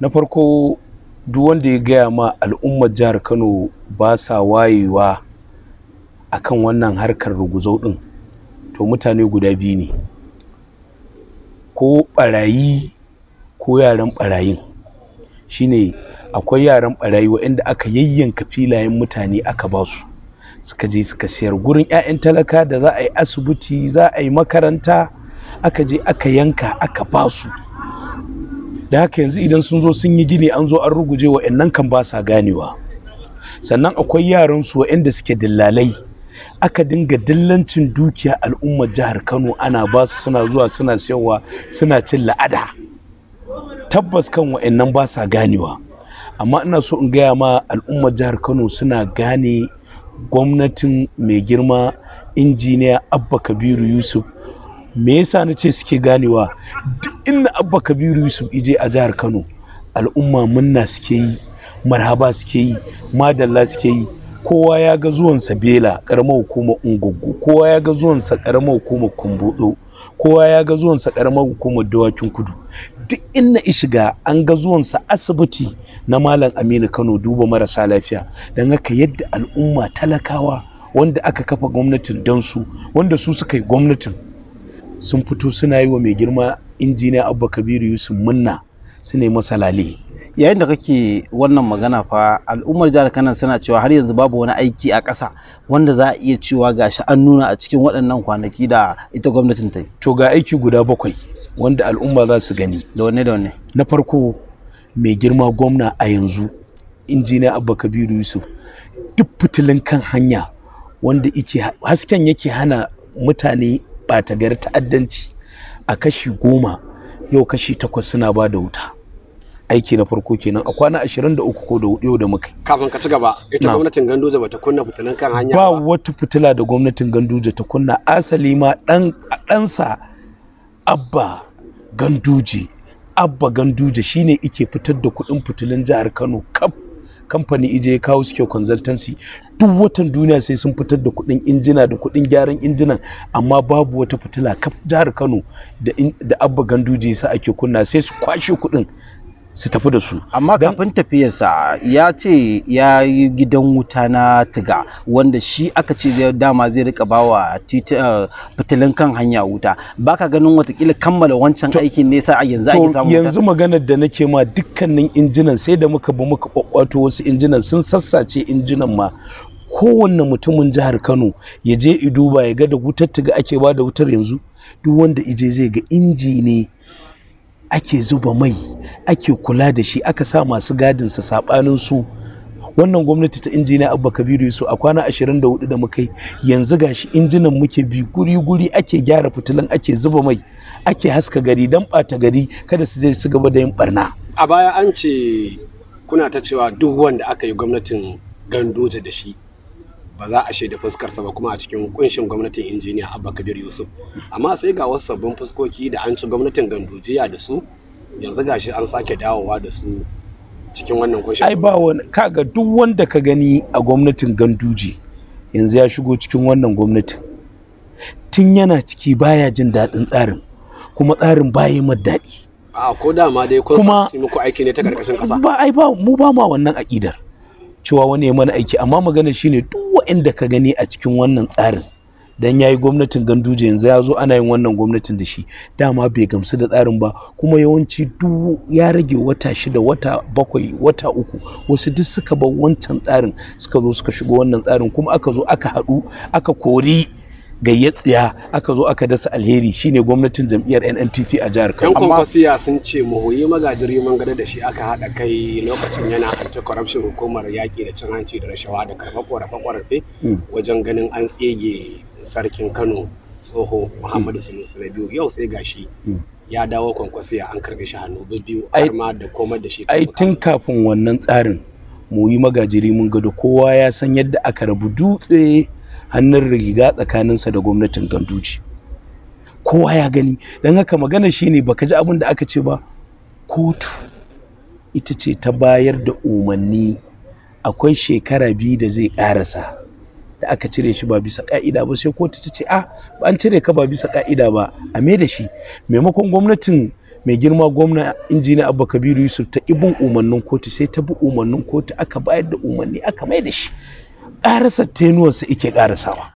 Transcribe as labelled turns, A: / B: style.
A: na farko duk wanda ya gaya ma al'ummar jihar kano ba sa wayewa a kan wannan harkar ruguzau ɗin to mutane guda biyu ne ko ɓarayi ko yaran ɓarayin shine akwai yaran ɓarayi waɗanda aka yayyanka filayen mutane aka ba su suka je suka siyar gurin 'ya'yan talaka da za a yi asibiti za a yi makaranta aka je aka yanka aka ba su da haka yanzu idan sun zo sun yi gini an zo an ruguje wa'annan kan ba sa ganewa sannan akwai yaran su wa'anda suke dillalai aka dinga dillancin dukiya al'ummar jihar kano ana ba su suna zuwa suna siyarwa suna cin la'ada tabbas kan wa'annan ba sa ganewa amma ina so in gaya ma al'ummar jihar kano suna gane gwamnatin mai girma injiniya abba kabiru yusuf me yasa na ce suke ganewa duk inda abba kabiru yusuf ije a jihar kano al'umma munna suke yi marhaba suke yi madalla suke yi kowa ya ga zuwansa bela karamar hukumar ungugu kowa ya ga zuwansa karamar hukumar kumbudo kowa ya ga zuwansa karamar hukumar dawakin kudu duk inna ishiga an ga zuwansa asibiti na malam aminu kano duba marasa lafiya don haka yadda al'umma talakawa wanda aka kafa gwamnatin don su wanda su suka yi gwamnatin sun fito suna yi wa mai girma injiniya abba kabiru yusuf munna su ne masalali. yayin da kake wannan magana fa al'ummar jihar kano suna cewa har yanzu babu wani aiki a ƙasa wanda za a iya cewa gashi an nuna a cikin waɗannan kwanaki da ita gwamnatin ta to ga aiki guda bakwai wanda al'umma za su gani da wanne da wanne na farko mai girma gwamna a yanzu injiniya abba kabiru yusuf duk fitilin kan hanya wanda hasken yake hana mutane ɓata gari ta'addanci a kashi goma yau kashi takwas suna ba da wuta aiki na farko kenan a kwana 23 ko da hudu da muka
B: kafin ka ci gaba ita gwamnatin ganduja bata kunna fitilan kan hanya ba
A: wata fitila da gwamnatin ganduja ta kunna asali ma dan ɗansa abba ganduje abba ganduje shine ike fitar da kuɗin fitilan jihar kano kaf kamfani ije ya kawo suke consultancy duk watan duniya sai sun fitar da kuɗin injina da kuɗin gyaran injinan amma babu wata fitila kaf jihar kano da abba ganduje sa ake kunna sai su kwashe kuɗin su tafi da su amma kafin tafiyarsa ya ce ya yi gidan wuta na tiga wanda shi aka ce dama zai rika bawa eh, fitilin kan hanya wuta ba ka ganin watakila kammala wancan aikin nesa a yanzu ake samu yanzu maganar da nake ma dukkanin injinan sai da muka bi muka kwakwato wasu injinan sun sassace injinan ma kowanne mutumin jihar Kano ya je i duba ya ga da wutar tiga ake ba da wutar yanzu duk wanda ije zai ga inji ne ake zuba mai ake kula da shi aka sa masu gadinsa saɓanin su wannan gwamnati ta injiniya abba kabiru yusuf a kwana 24 da muka yi yanzu gashi injinan muke bi guri guri ake gyara fitilan ake zuba mai ake haska gari don ɓata gari kada su je su gaba da yin barna
B: a baya an ce kuna ta cewa duk wanda aka yi gwamnatin gandoja da shi ba za a shaida fuskarsa ba kuma a cikin kunshin gwamnatin injiniya abba kabir yusuf amma sai ga wasu sabbin fuskoki da an ci gwamnatin gandujiya da su yanzu gashi an sake dawowa da su cikin wannan kunshin
A: ai ba wani kaga duk wanda ka gani a gwamnatin ganduji yanzu ya shigo cikin wannan gwamnatin tun yana ciki baya jin daɗin tsarin kuma tsarin baya mai daɗi
B: a ko da ma dai kuma kuma muku aiki ne ta karkashin
A: ƙasa ba ai ba mu ba ma wannan aƙidar cewa wani ya mana aiki amma magana shine duk wa'inda ka gani a cikin wannan tsarin dan yayi gwamnatin ganduje yanzu ya zo ana yin wannan gwamnatin da shi dama bai gamsu da tsarin ba kuma yawanci duk ya rage wata shida wata bakwai wata uku wasu duk suka bar wancan tsarin suka zo suka shigo wannan tsarin kuma aka zo aka haɗu aka kori gayyatsiya aka zo aka dasa alheri shine gwamnatin jam'iyyar NNPP a jihar Kano. Yan
B: kwamfasiya sun ce hoye magajiri man gada da shi aka haɗa kai lokacin yana anti corruption hukumar yaki da cin hanci da rashawa da karfa ƙorafe ƙorafe hmm. wajen ganin an tsege sarkin Kano tsoho Muhammadu hmm. Sanusi na biyu yau sai gashi hmm. ya dawo kwankwasiya an karbe shi hannu biyu arma da komar da shi. Ai
A: tun kafin wannan tsarin mu yi magajiri mun gado kowa ya san yadda aka rabu dutse hannun riga tsakaninsa da gwamnatin ganduci kowa ya gani don haka magana shi ne baka ji abin da aka ce ba kotu ita ce ta bayar da umarni akwai shekara biyu da zai ƙarasa da aka cire shi ba bisa ka'ida ba sai kotu ta ce ah, a an cire ka ba bisa ka'ida ba a me da shi maimakon gwamnatin mai girma gwamna injiniya abba kabiru yusuf ta ibin umarnin kotu sai ta bi umarnin kotu aka bayar da umarni aka mai da shi ƙarasa tenuwarsa ike ƙarasawa